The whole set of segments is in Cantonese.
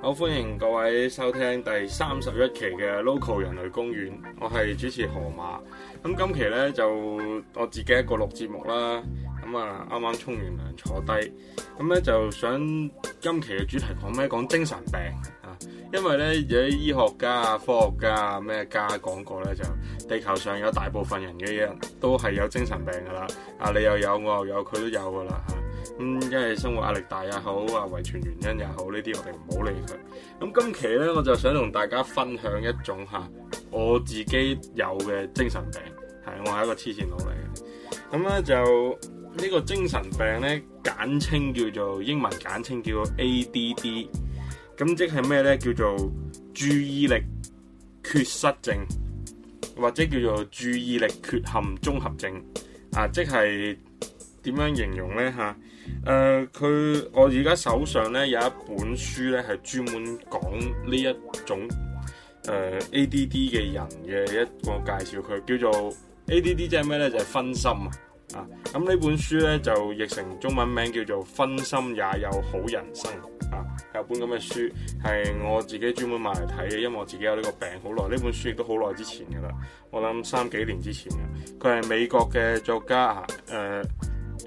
好歡迎各位收聽第三十一期嘅 Local 人類公園，我係主持河馬。咁今期咧就我自己一個錄節目啦。咁啊，啱啱沖完涼坐低，咁咧就想今期嘅主題講咩？講精神病啊，因為咧有啲醫學家啊、科學家啊咩家講過咧，就地球上有大部分人嘅嘢都係有精神病噶啦。啊，你又有我又有佢都有噶啦。嗯，因為生活壓力大也好，啊遺傳原因也好，呢啲我哋唔好理佢。咁今期呢，我就想同大家分享一種嚇、啊，我自己有嘅精神病，係我係一個黐線佬嚟嘅。咁咧就呢、呢個精神病呢，簡稱叫做英文簡稱叫做 ADD。咁即係咩呢？叫做注意力缺失症，或者叫做注意力缺陷綜合症。啊，即係。點樣形容呢？嚇、啊，誒，佢我而家手上呢有一本書呢係專門講呢一種誒、呃、ADD 嘅人嘅一個介紹。佢叫做 ADD，即係咩呢？就係、是、分心啊！咁呢本書呢，就譯成中文名叫做《分心也有好人生》啊，有本咁嘅書，係我自己專門買嚟睇嘅，因為我自己有呢個病好耐。呢本書亦都好耐之前噶啦，我諗三幾年之前嘅。佢係美國嘅作家啊，誒、呃。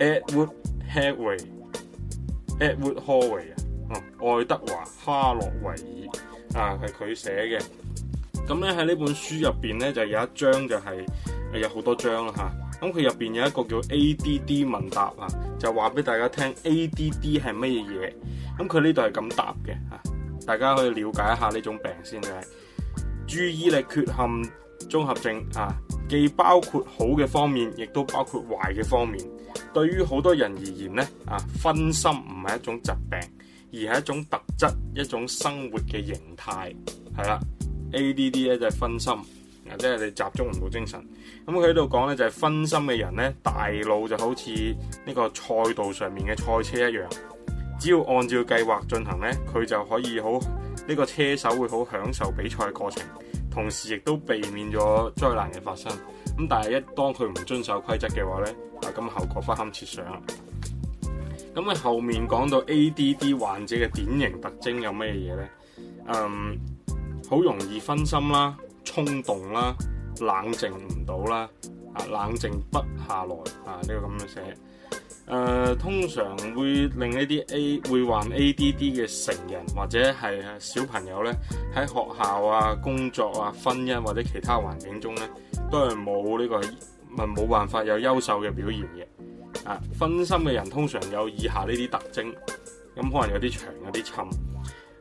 Edward Hallowell，Edward Hallowell 啊、嗯，愛德華·哈洛維爾啊，係佢寫嘅。咁咧喺呢本書入邊咧就有一章就係、是，有好多章啦吓，咁佢入邊有一個叫 ADD 問答啊，就話俾大家聽 ADD 係乜嘢。咁佢呢度係咁答嘅吓、啊，大家可以了解一下呢種病先就係、啊、注意力缺陷綜合症啊。既包括好嘅方面，亦都包括壞嘅方面。對於好多人而言咧，啊，分心唔係一種疾病，而係一種特質，一種生活嘅形態，係啦。ADD 咧就係分心，即係你集中唔到精神。咁佢喺度講咧，就係、是、分心嘅人咧，大腦就好似呢個賽道上面嘅賽車一樣，只要按照計劃進行咧，佢就可以好呢、這個車手會好享受比賽過程。同時亦都避免咗災難嘅發生，咁但係一當佢唔遵守規則嘅話咧，啊咁後果不堪設想咁啊，後面講到 ADD 患者嘅典型特徵有咩嘢咧？嗯，好容易分心啦，衝動啦，冷靜唔到啦，啊冷靜不下來啊呢個咁樣寫。誒、呃、通常會令一啲 A 會患 ADD 嘅成人或者係小朋友咧喺學校啊、工作啊、婚姻或者其他環境中咧都係冇呢個咪冇辦法有優秀嘅表現嘅啊分心嘅人通常有以下呢啲特徵，咁、嗯、可能有啲長有啲沉。誒、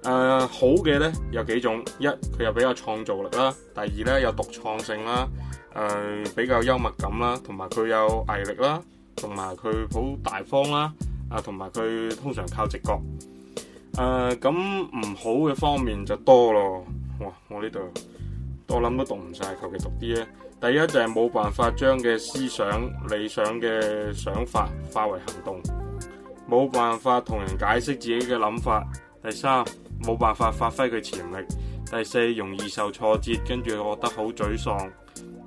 呃、好嘅咧有幾種，一佢有比較創造力啦，第二咧有獨創性啦，誒、呃、比較幽默感啦，同埋佢有毅力啦。同埋佢好大方啦，啊，同埋佢通常靠直覺。誒、呃，咁唔好嘅方面就多咯。哇，我呢度，我諗都讀唔晒，求其讀啲咧。第一就係冇辦法將嘅思想、理想嘅想法化為行動，冇辦法同人解釋自己嘅諗法。第三，冇辦法發揮佢潛力。第四，容易受挫折，跟住我覺得好沮喪。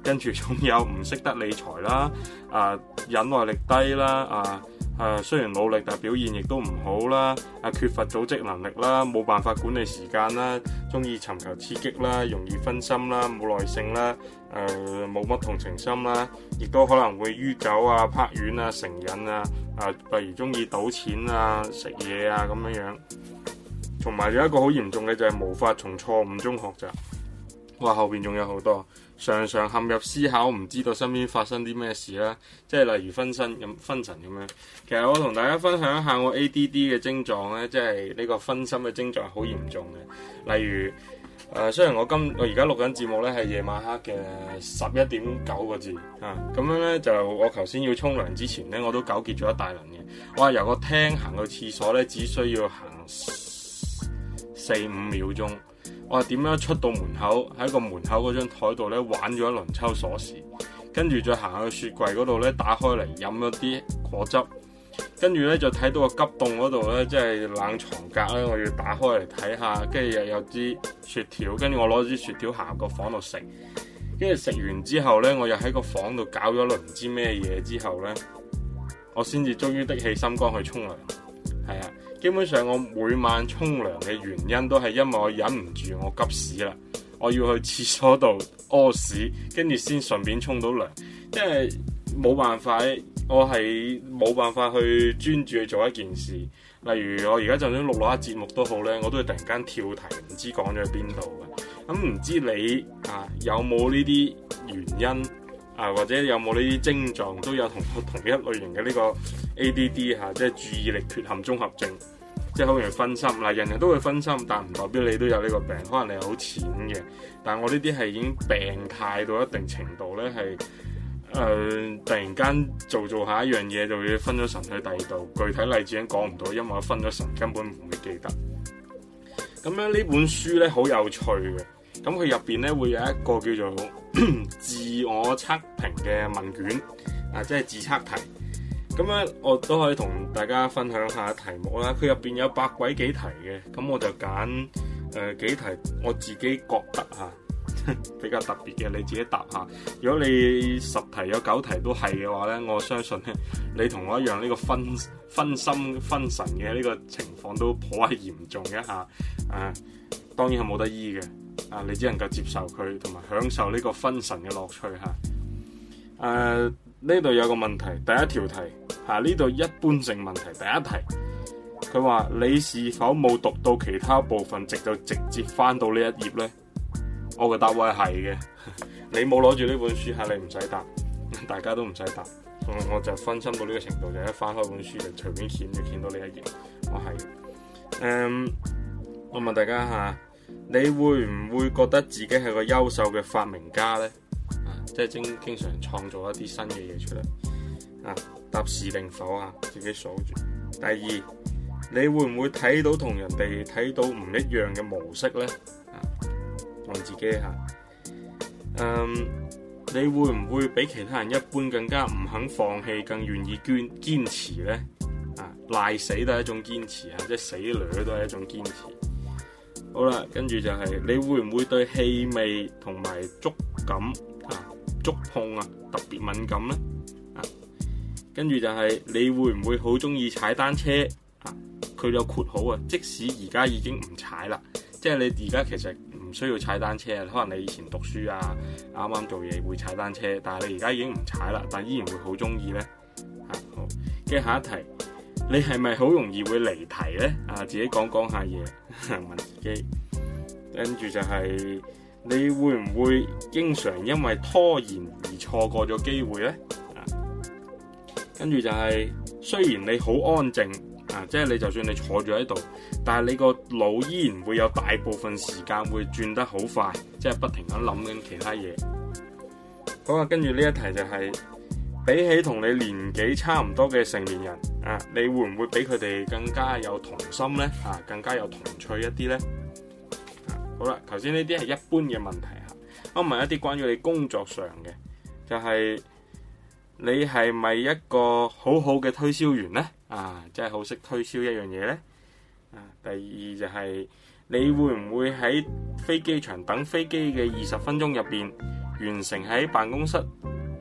跟住仲有唔識得理財啦，啊忍耐力低啦，啊啊雖然努力但表現亦都唔好啦，啊缺乏組織能力啦，冇、啊、辦法管理時間啦，中、啊、意尋求刺激啦，啊，容易分心啦，冇、啊、耐性啦，誒冇乜同情心啦，亦、啊、都可能會酗酒啊、拍院啊、成癮啊，啊例如中意賭錢啊、食嘢啊咁樣樣，同埋有一個好嚴重嘅就係無法從錯誤中學習，哇後邊仲有好多。常常陷入思考，唔知道身邊發生啲咩事啦，即係例如分心、咁分神咁樣。其實我同大家分享一下我 ADD 嘅症狀咧，即係呢個分心嘅症狀係好嚴重嘅。例如，誒、呃、雖然我今我而家錄緊節目咧係夜晚黑嘅十一點九個字啊，咁樣咧就我頭先要沖涼之前咧我都糾結咗一大輪嘅。哇，由個廳行到廁所咧只需要行四,四,四五秒鐘。我點樣出到門口，喺個門口嗰張台度咧玩咗一輪抽鎖匙，跟住再行去雪櫃嗰度咧打開嚟飲咗啲果汁，跟住咧就睇到個急凍嗰度咧即係冷藏格咧，我要打開嚟睇下，跟住又有支雪條，跟住我攞支雪條行入個房度食，跟住食完之後咧我又喺個房度搞咗輪唔知咩嘢之後咧，我先至終於的起心肝去沖涼。基本上我每晚沖涼嘅原因都係因為我忍唔住我急屎啦，我要去廁所度屙屎，跟住先順便沖到涼。因為冇辦法，我係冇辦法去專注去做一件事。例如我而家就算錄落一節目都好咧，我都會突然間跳題，唔知講咗去邊度嘅。咁唔知你啊有冇呢啲原因啊，或者有冇呢啲症狀都有同同一類型嘅呢個 ADD 嚇、啊，即係注意力缺陷綜合症。即係好容易分心，嗱，人人都會分心，但唔代表你都有呢個病，可能你係好淺嘅。但係我呢啲係已經病態到一定程度咧，係、呃、誒突然間做做下一樣嘢，就會分咗神去第二度。具體例子已經講唔到，因為我分咗神，根本唔會記得。咁樣呢本書咧好有趣嘅，咁佢入邊咧會有一個叫做 自我測評嘅問卷，啊，即係自測題。咁咧，樣我都可以同大家分享下題目啦。佢入邊有百鬼幾題嘅，咁我就揀誒、呃、幾題我自己覺得嚇比較特別嘅，你自己答下。如果你十題有九題都係嘅話咧，我相信咧你同我一樣呢、呢個分分心分神嘅呢個情況都頗為嚴重嘅下啊，當然係冇得醫嘅。啊，你只能夠接受佢同埋享受呢個分神嘅樂趣嚇。誒、啊，呢、啊、度有個問題，第一條題。吓，呢度一般性問題，第一題佢話：你是否冇讀到其他部分，直到直接翻到一頁呢一頁咧？我嘅答案係嘅。你冇攞住呢本書嚇，你唔使答，大家都唔使答。我就分心到呢個程度，就是、一翻開本書就隨便掀就掀到呢一頁，我、哦、係。誒、嗯，我問大家嚇、啊，你會唔會覺得自己係個優秀嘅發明家咧、啊？即係經經常創造一啲新嘅嘢出嚟。啊，答是定否啊？自己數住。第二，你會唔會睇到同人哋睇到唔一樣嘅模式呢？我、啊、自己吓、啊，嗯，你會唔會比其他人一般更加唔肯放棄，更願意捐堅持呢？啊，賴死都係一種堅持啊，即係死女都係一種堅持。好啦，跟住就係你會唔會對氣味同埋觸感啊、觸碰啊特別敏感呢？跟住就係、是、你會唔會好鍾意踩單車啊？佢有括號啊，即使而家已經唔踩啦，即係你而家其實唔需要踩單車啊。可能你以前讀書啊，啱啱做嘢會踩單車，但係你而家已經唔踩啦，但依然會好鍾意呢、啊。好，跟下一題，你係咪好容易會離題呢？啊，自己講講下嘢，問自己。跟住就係、是、你會唔會經常因為拖延而錯過咗機會呢？跟住就係、是，雖然你好安靜啊，即係你就算你坐住喺度，但係你個腦依然會有大部分時間會轉得好快，即係不停咁諗緊其他嘢。好啊，跟住呢一題就係、是，比起同你年紀差唔多嘅成年人啊，你會唔會比佢哋更加有童心呢？嚇、啊，更加有童趣一啲呢？啊、好啦，頭先呢啲係一般嘅問題嚇、啊，我問一啲關於你工作上嘅，就係、是。你係咪一個好好嘅推銷員呢？啊，真係好識推銷一樣嘢呢。啊，第二就係、是、你會唔會喺飛機場等飛機嘅二十分鐘入邊，完成喺辦公室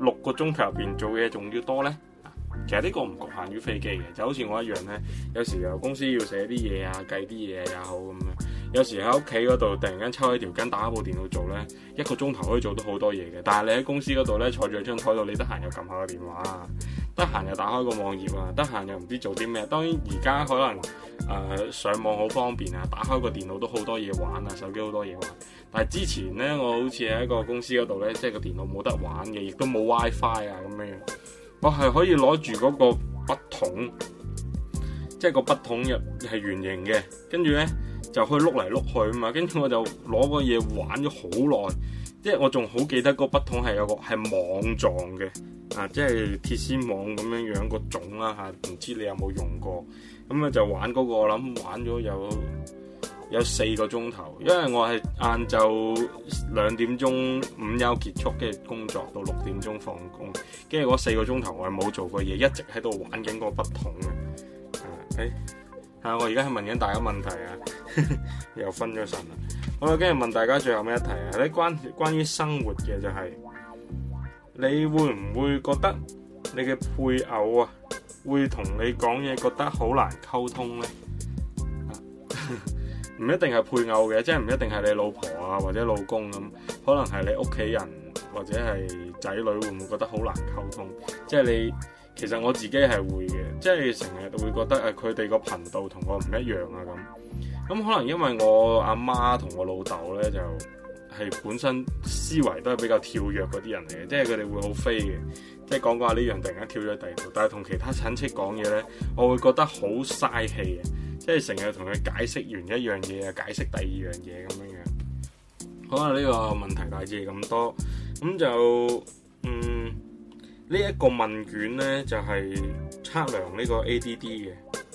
六個鐘頭入邊做嘢仲要多呢？啊，其實呢個唔局限於飛機嘅，就好似我一樣呢，有時又公司要寫啲嘢啊，計啲嘢又好咁樣。有時喺屋企嗰度，突然間抽起條筋，打開部電腦做呢一個鐘頭可以做到好多嘢嘅。但係你喺公司嗰度呢，坐住喺張台度，你得閒又撳下個電話，得閒又打開個網頁啊，得閒又唔知做啲咩。當然而家可能誒、呃、上網好方便啊，打開個電腦都好多嘢玩啊，手機好多嘢玩。但係之前呢，我好似喺一個公司嗰度呢，即係個電腦冇得玩嘅，亦都冇 WiFi 啊咁樣。我係可以攞住嗰個筆筒，即係個筆筒又係圓形嘅，跟住呢，就可以碌嚟碌去啊嘛，跟住我就攞個嘢玩咗好耐，即係我仲好記得個筆筒係有個係網狀嘅。啊，即係鐵絲網咁樣樣個種啦嚇，唔、啊、知你有冇用過？咁啊就玩嗰、嗰個，我諗玩咗有有四個鐘頭，因為我係晏晝兩點鐘午休結束嘅工作，到六點鐘放工，跟住嗰四個鐘頭我係冇做過嘢，一直喺度玩緊個筆筒嘅。誒、啊。哎啊！我而家係問緊大家問題啊， 又分咗神啦。好啦，今日問大家最後咩一題啊？你關關於生活嘅就係、是，你會唔會覺得你嘅配偶啊會同你講嘢覺得好難溝通咧？唔 一定係配偶嘅，即係唔一定係你老婆啊或者老公咁、啊，可能係你屋企人或者係仔女會唔會覺得好難溝通？即、就、係、是、你。其實我自己係會嘅，即係成日會覺得誒，佢哋個頻道同我唔一樣啊咁。咁、嗯、可能因為我阿媽同我老豆咧，就係本身思維都係比較跳躍嗰啲人嚟嘅，即係佢哋會好飛嘅，即係講講下呢樣，突然間跳咗第二度。但係同其他親戚講嘢咧，我會覺得好嘥氣嘅，即係成日同佢解釋完一樣嘢啊，解釋第二樣嘢咁樣樣。可能呢個問題大致咁多，咁就嗯。呢一個問卷呢，就係、是、測量呢個 ADD 嘅，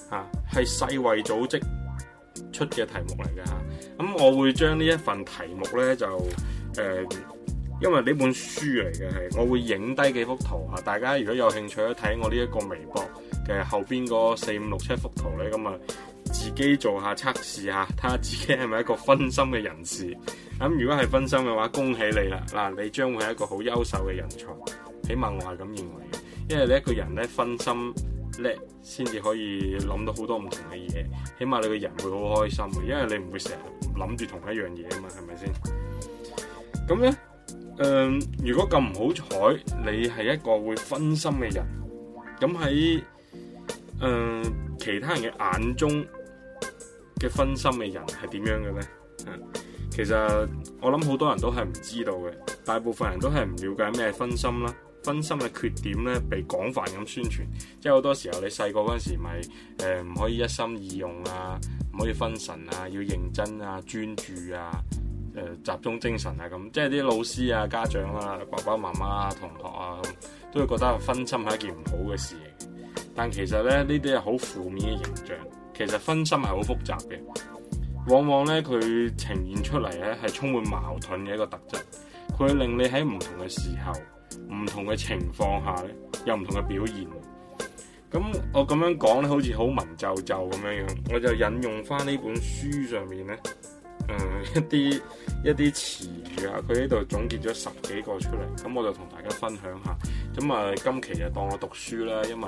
吓、啊、係世衛組織出嘅題目嚟嘅吓。咁、啊、我會將呢一份題目呢，就誒、呃，因為呢本書嚟嘅係，我會影低幾幅圖吓、啊。大家如果有興趣睇我呢一個微博嘅後邊嗰四五六七幅圖呢，咁啊自己做下測試下，睇下自己係咪一個分心嘅人士。咁、啊、如果係分心嘅話，恭喜你啦！嗱、啊，你將會係一個好優秀嘅人才。起碼我係咁認為嘅，因為你一個人咧分心叻，先至可以諗到好多唔同嘅嘢。起碼你個人會好開心嘅，因為你唔會成日諗住同一樣嘢啊嘛，係咪先？咁咧，誒、呃，如果咁唔好彩，你係一個會分心嘅人，咁喺誒其他人嘅眼中嘅分心嘅人係點樣嘅咧？其實我諗好多人都係唔知道嘅，大部分人都係唔了解咩分心啦。分心嘅缺點咧，被廣泛咁宣傳，即係好多時候你細個嗰陣時，咪誒唔可以一心二用啊，唔可以分神啊，要認真啊，專注啊，誒集中精神啊，咁即係啲老師啊、家長啊、爸爸媽媽啊、同學啊，都會覺得分心係一件唔好嘅事。但其實咧，呢啲係好負面嘅形象。其實分心係好複雜嘅，往往咧佢呈現出嚟咧係充滿矛盾嘅一個特質，佢會令你喺唔同嘅時候，唔同嘅情況下咧，有唔同嘅表現。咁我咁樣講咧，好似好文縐縐咁樣樣。我就引用返呢本書上面咧，誒、嗯、一啲一啲詞語啊，佢呢度總結咗十幾個出嚟。咁我就同大家分享下。咁啊，今期就當我讀書啦，因為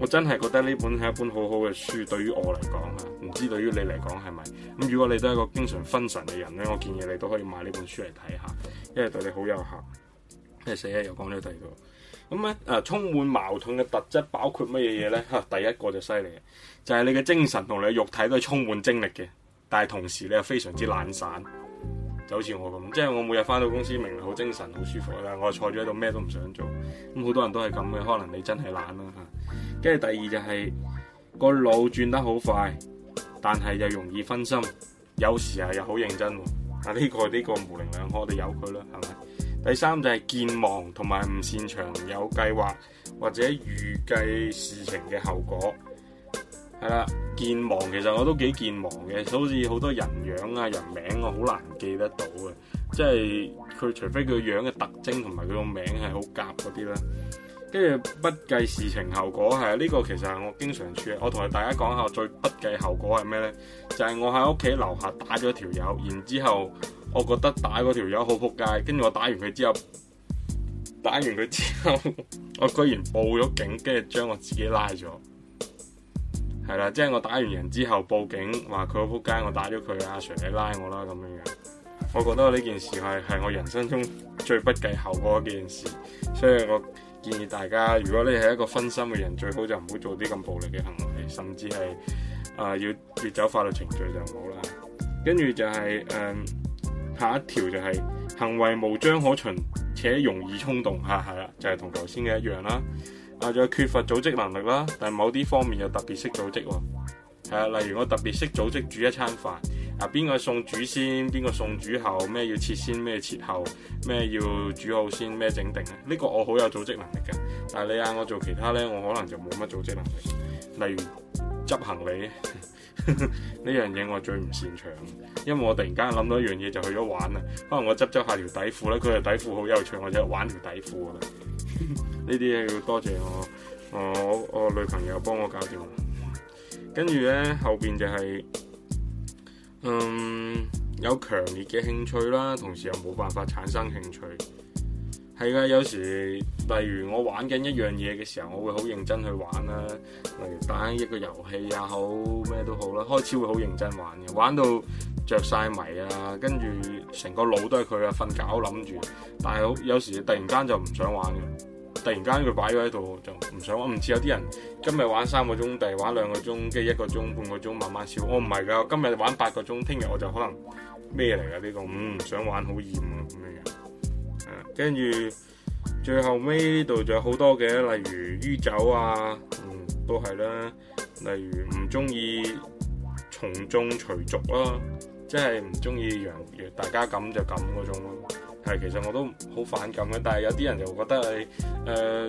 我真係覺得呢本係一本好好嘅書，對於我嚟講啊，唔知對於你嚟講係咪？咁如果你都係一個經常分神嘅人咧，我建議你都可以買呢本書嚟睇下，因為對你好有效。跟住四又一又講咗第二個，咁咧，誒充滿矛盾嘅特質包括乜嘢嘢咧？嚇、啊，第一個就犀利，就係、是、你嘅精神同你嘅肉體都係充滿精力嘅，但係同時你又非常之懶散，就好似我咁，即係我每日翻到公司明明好精神好舒服，但我坐咗喺度咩都唔想做，咁、啊、好多人都係咁嘅，可能你真係懶啦嚇。跟、啊、住第二就係個腦轉得好快，但係又容易分心，有時啊又好認真喎。啊呢、這個呢、這個模棱兩可，我哋由佢啦，係咪？第三就係、是、健忘，同埋唔擅長有計劃或者預計事情嘅後果。係啦，健忘其實我都幾健忘嘅，所以好似好多人樣啊、人名我好難記得到嘅，即係佢除非佢樣嘅特徵同埋佢個名係好夾嗰啲啦。跟住不計事情後果係啊，呢、這個其實係我經常處理。我同大家講下最不計後果係咩呢？就係、是、我喺屋企樓下打咗條友，然之後。我覺得打嗰條友好撲街，跟住我打完佢之後，打完佢之後， 我居然報咗警，跟住將我自己拉咗，係啦，即係我打完人之後，報警話佢好撲街，我打咗佢，阿 Sir，你拉我啦咁樣。我覺得呢件事係係我人生中最不計後果一件事，所以我建議大家，如果你係一個分心嘅人，最好就唔好做啲咁暴力嘅行為，甚至係啊、呃、要要走法律程序就唔好啦。跟住就係、是、誒。嗯下一條就係、係、行為無章可循，且容易衝動嚇，係啦，就係同頭先嘅一樣啦。啊，仲有缺乏組織能力啦，但某啲方面又特別識組織喎。啊，例如我特別識組織煮一餐飯，啊邊個送煮先，邊個送煮後，咩要切先，咩切後，咩要煮好先，咩整定咧？呢、呢個我好有組織能力嘅，但你嗌我做其他咧，我可能就冇乜組織能力。例如執行李。呢樣嘢，我最唔擅長，因為我突然間諗到一樣嘢就去咗玩啦。可能我執咗下條底褲咧，佢嘅底褲好有趣，我就玩條底褲啦。呢啲嘢要多謝我、呃、我我女朋友幫我搞掂。跟住呢，後邊就係、是，嗯，有強烈嘅興趣啦，同時又冇辦法產生興趣。係啊，有時例如我玩緊一樣嘢嘅時候，我會好認真去玩啦。例如打一個遊戲也好，咩都好啦，開始會好認真玩嘅，玩到着晒迷啊，跟住成個腦都係佢啊，瞓覺諗住。但係有時突然間就唔想玩嘅，突然間佢擺咗喺度就唔想玩。唔似有啲人今日玩三個鐘，第日玩兩個鐘，跟住一個鐘、半個鐘慢慢消。我唔係㗎，今日玩八個鐘，聽日我就可能咩嚟㗎呢個？唔、嗯、想玩好厭啊咁樣。跟住，最後尾呢度就有好多嘅，例如酗酒啊，嗯，都係啦。例如唔中意從眾隨俗啦、啊，即係唔中意樣大家咁就咁嗰種咯、啊。係，其實我都好反感嘅，但係有啲人就覺得你，誒、呃，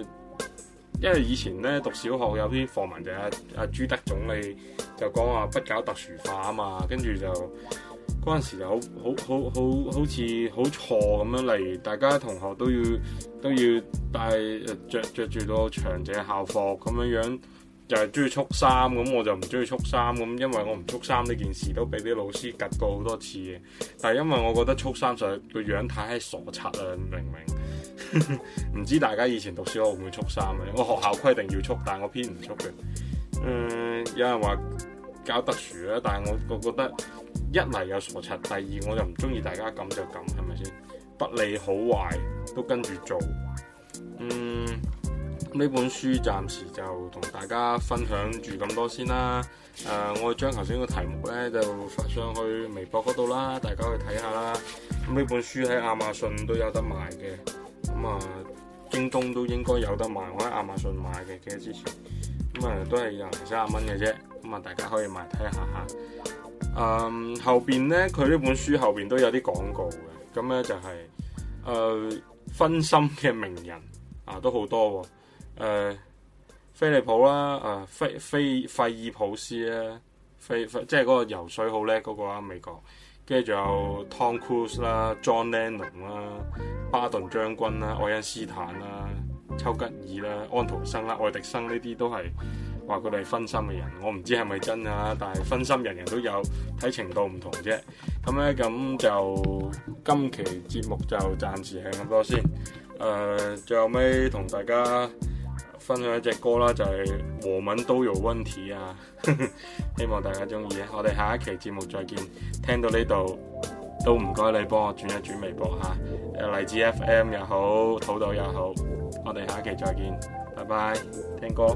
因為以前咧讀小學有啲課文就阿阿、啊啊啊、朱德總理就講話、啊、不搞特殊化嘛，跟住就。嗰陣時就好好好好好似好錯咁樣，嚟，大家同學都要都要戴著著住個長者校服咁樣樣，就係中意束衫咁，我就唔中意束衫咁，因為我唔束衫呢件事都俾啲老師拮過好多次嘅。但係因為我覺得束衫上個樣太係傻柒啊，明唔明？唔 知大家以前讀書會唔會束衫嘅？我學校規定要束，但係我偏唔束嘅。誒、嗯，有人話搞特殊啦，但係我我覺得。一嚟有傻柒，第二我就唔中意大家咁就咁，係咪先？不理好壞都跟住做。嗯，呢本書暫時就同大家分享住咁多先啦。誒、呃，我將頭先個題目咧就發上去微博嗰度啦，大家去睇下啦。咁呢本書喺亞馬遜都有得賣嘅，咁、嗯、啊京東都應該有得賣。我喺亞馬遜買嘅，幾之前，咁、嗯、啊都係二零三十蚊嘅啫。咁啊大家可以買睇下下。誒，um, 後邊咧，佢呢本書後邊都有啲廣告嘅，咁咧就係、是、誒、呃，分心嘅名人啊，都好多喎、啊，誒、呃，菲利普啦，誒、啊，菲菲費爾普斯咧，費即係嗰個游水好叻嗰個啊，美國，跟住仲有 Tom Cruise 啦、啊、John Lennon 啦、啊、巴頓將軍啦、啊、愛因斯坦啦、丘、啊、吉爾啦、啊、安徒生啦、啊、愛迪生呢啲都係。話佢哋分心嘅人，我唔知係咪真啊，但係分心人人都有，睇程度唔同啫。咁咧咁就今期節目就暫時係咁多先。誒，最後尾同大家分享一隻歌啦，就係我們都有問題啊，希望大家中意啊。我哋下一期節目再見。聽到呢度都唔該你幫我轉一轉微博吓，荔枝 FM 又好，土豆又好，我哋下期再見，拜拜，聽歌。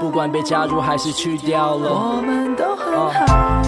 不管被加入還是去掉了。我們都很好。Oh.